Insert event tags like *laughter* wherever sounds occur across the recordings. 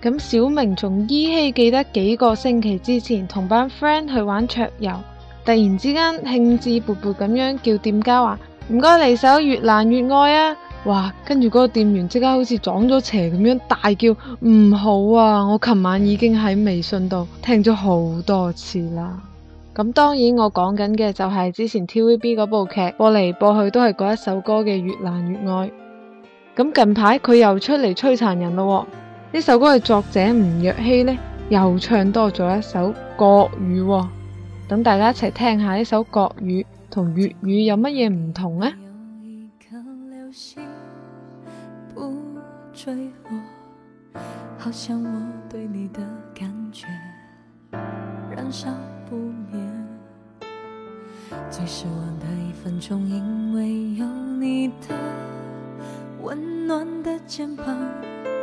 咁小明仲依稀記得幾個星期之前同班 friend 去玩桌遊，突然之間興致勃勃咁樣叫店家話唔該嚟首《越難越愛》啊！哇，跟住嗰個店員即刻好似撞咗邪咁樣大叫唔好啊！我琴晚已經喺微信度聽咗好多次啦。咁當然我講緊嘅就係之前 TVB 嗰部劇播嚟播去都係嗰一首歌嘅《越難越愛》。咁近排佢又出嚟摧殘人咯喎。呢首歌嘅作者吳若希呢，又唱多咗一首國語。哦，等大家一齊聽下呢首國語同粵語有乜嘢唔同呢膀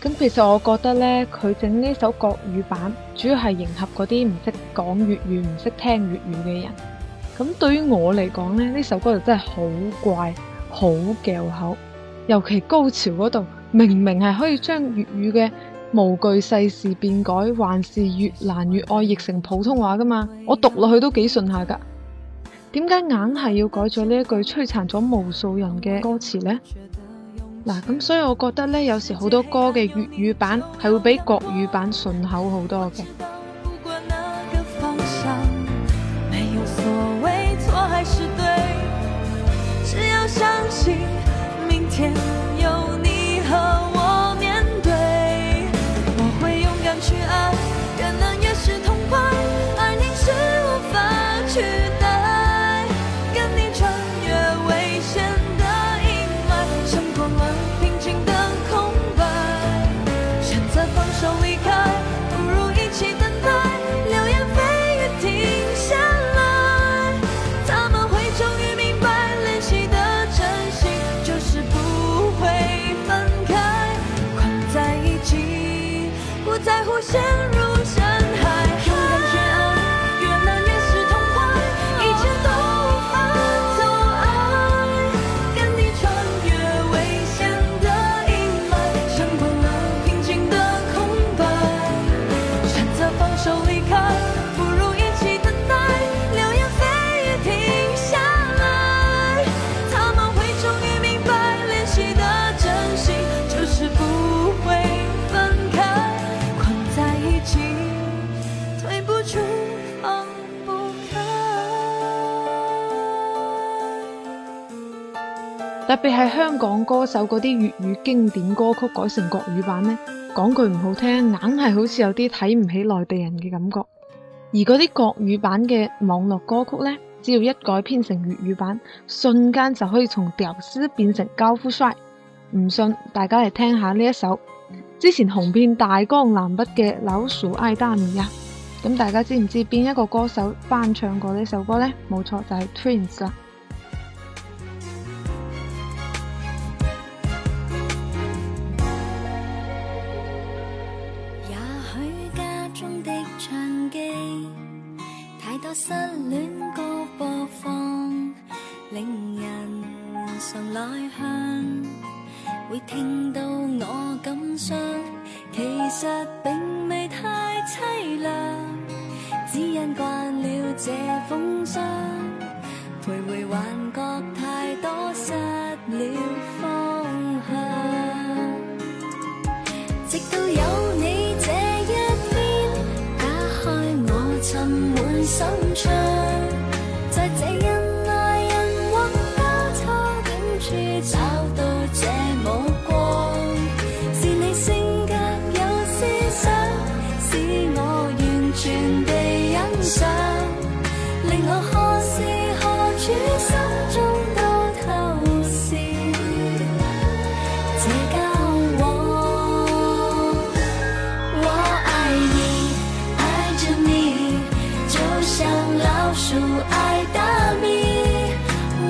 咁其實我覺得呢，佢整呢首國語版，主要係迎合嗰啲唔識講粵語、唔識聽粵語嘅人。咁對於我嚟講呢，呢首歌就真係好怪，好拗口，尤其高潮嗰度，明明係可以將粵語嘅無懼世事變改，還是越難越愛譯成普通話噶嘛，我讀落去都幾順下噶。點解硬係要改咗呢一句摧殘咗無數人嘅歌詞呢？嗱，咁所以我覺得呢，有時好多歌嘅粵語版係會比國語版順口好多嘅。特別係香港歌手嗰啲粵語經典歌曲改成國語版呢，講句唔好聽，硬係好似有啲睇唔起內地人嘅感覺。而嗰啲國語版嘅網絡歌曲呢，只要一改編成粵語版，瞬間就可以從屌絲變成高富帥。唔信，大家嚟聽下呢一首，之前紅遍大江南北嘅柳樹埃丹尼啊。咁大家知唔知邊一個歌手翻唱過呢首歌呢？冇錯，就係 Twins 啦。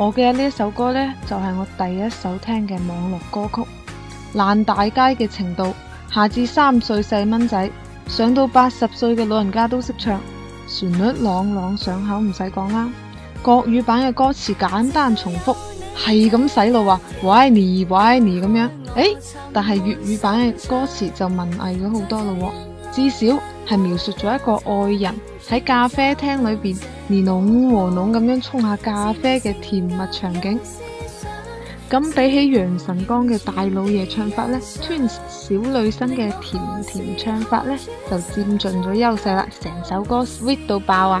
我嘅呢一首歌呢，就係、是、我第一首聽嘅網絡歌曲《爛大街嘅程度》，下至三歲細蚊仔，上到八十歲嘅老人家都識唱，旋律朗朗上口，唔使講啦。國語版嘅歌詞簡單重複，係咁洗腦啊，我愛你，我愛你咁樣。誒、哎，但係粵語版嘅歌詞就文藝咗好多咯，至少係描述咗一個愛人，喺咖啡廳裏面連籠和籠咁樣沖一下咖啡的甜蜜場景。咁比起楊晨光的大老爺唱法 *noise* Twins 小女生的甜甜唱法就佔盡了優勢啦，成首歌 sweet 到爆啊！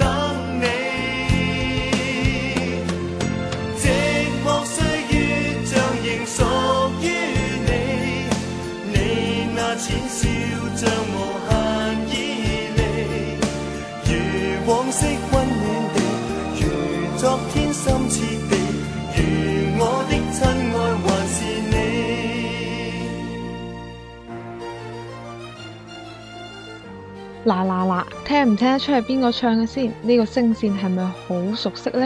嗱嗱嗱，聽唔聽得出係邊個唱嘅先？呢個聲線係咪好熟悉呢？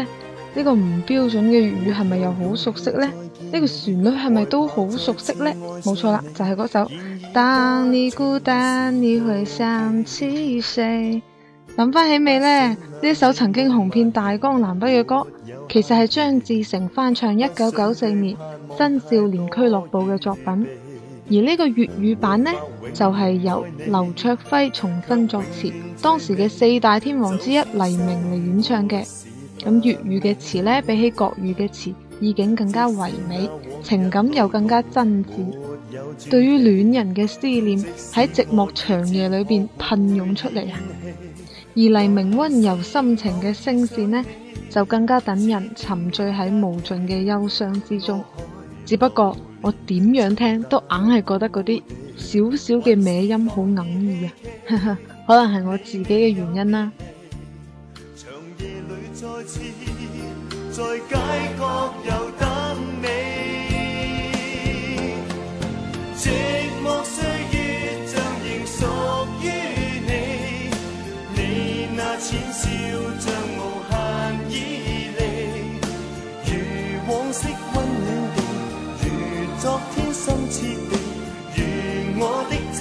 呢個唔標準嘅粵語係咪又好熟悉呢？呢個旋律係咪都好熟悉呢？冇錯啦，就係嗰首。當你孤單，你會想起誰？諗翻起未呢？呢首曾經紅遍大江南北嘅歌，其實係張智成翻唱一九九四年《新少年俱樂部》嘅作品。而呢個粵語版呢，就係由劉卓輝重新作詞，當時嘅四大天王之一黎明嚟演唱嘅。咁粵語嘅詞呢，比起國語嘅詞，意境更加唯美，情感又更加真摯。對於戀人嘅思念喺寂寞長夜裏邊噴湧出嚟啊！而黎明温柔深情嘅聲線呢，就更加等人沉醉喺無盡嘅憂傷之中。只不過我點樣聽都硬係覺得嗰啲少少嘅歪音，好哽耳啊， *laughs* 可能係我自己嘅原因啦。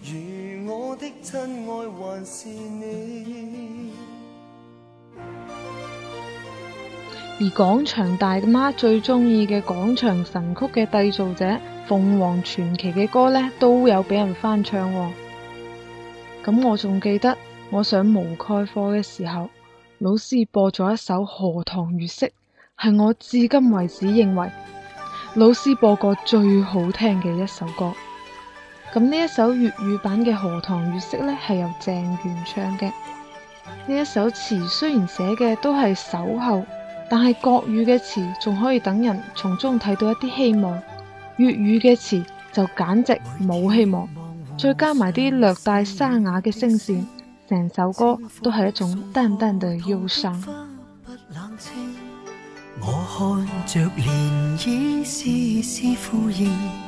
如我的親愛還是你。而廣場大媽最中意嘅廣場神曲嘅締造者鳳凰傳奇嘅歌呢，都有俾人翻唱哦。咁我仲記得我上毛概課嘅時候，老師播咗一首《荷塘月色》，係我至今為止認為老師播過最好聽嘅一首歌。咁呢一首粵語版嘅《荷塘月色》呢，係由鄭源唱嘅。呢一首詞雖然寫嘅都係守候，但係國語嘅詞仲可以等人從中睇到一啲希望，粵語嘅詞就簡直冇希望。再加埋啲略帶沙啞嘅聲線，成首歌都係一種淡淡嘅憂傷。我看着漣漪絲絲呼應。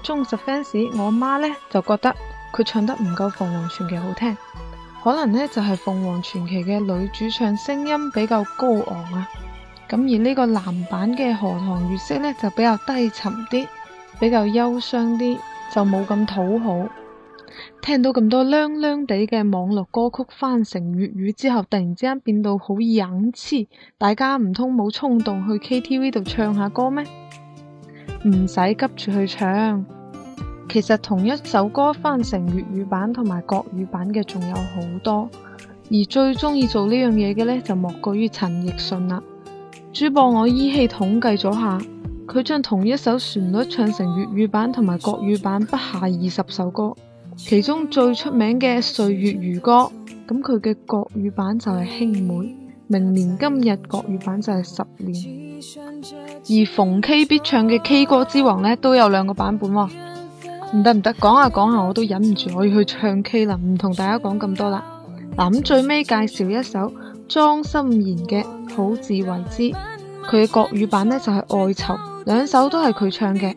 忠實 fans，我媽呢就覺得佢唱得唔夠鳳凰傳奇好聽，可能呢就係、是、鳳凰傳奇嘅女主唱聲音比較高昂啊，咁而呢個男版嘅荷塘月色呢，就比較低沉啲，比較憂傷啲，就冇咁討好。聽到咁多靚靚哋嘅網絡歌曲翻成粵語之後，突然之間變到好隱痴，大家唔通冇衝動去 KTV 度唱下歌咩？唔使急住去唱。其實同一首歌翻成粵語版同埋國語版嘅仲有好多，而最中意做呢樣嘢嘅呢，就莫過於陳奕迅啦。主播我依稀統計咗下，佢將同一首旋律唱成粵語版同埋國語版不下二十首歌，其中最出名嘅《歲月如歌》，咁佢嘅國語版就係、是《兄妹》。明年今日國語版就係十年，而逢 K 必唱嘅 K 歌之王呢，都有兩個版本喎、哦，唔得唔得，講下講下我都忍唔住，我要去唱 K 啦，唔同大家講咁多啦，嗱，咁最尾介紹一首莊心妍嘅好自為之，佢嘅國語版呢就係、是、愛囚，兩首都係佢唱嘅。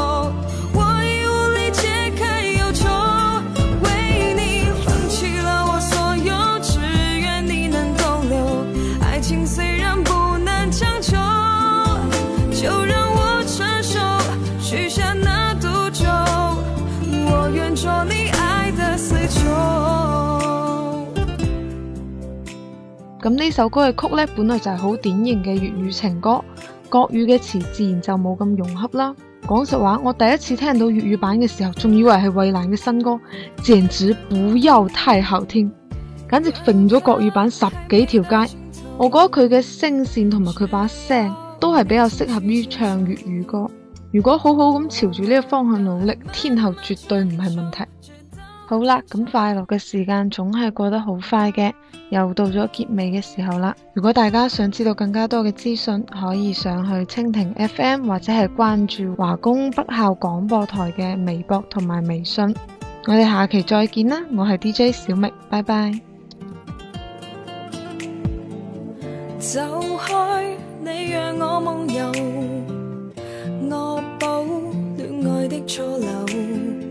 咁呢首歌嘅曲呢，本來就係好典型嘅粵語情歌，國語嘅詞自然就冇咁融合啦。講實話，我第一次聽到粵語版嘅時候，仲以為係衛蘭嘅新歌，簡直不要太好聽添，簡直甩咗國語版十幾條街。我覺得佢嘅聲線同埋佢把聲都係比較適合於唱粵語歌。如果好好咁朝住呢個方向努力，天后絕對唔係問題。好啦，咁快樂嘅時間總係過得好快嘅，又到咗結尾嘅時候啦。如果大家想知道更加多嘅資訊，可以上去蜻蜓 FM 或者係關注華工北校廣播台嘅微博同埋微信。我哋下期再見啦，我係 DJ 小明，拜拜。走開，你讓我夢遊，惡補戀愛的錯漏。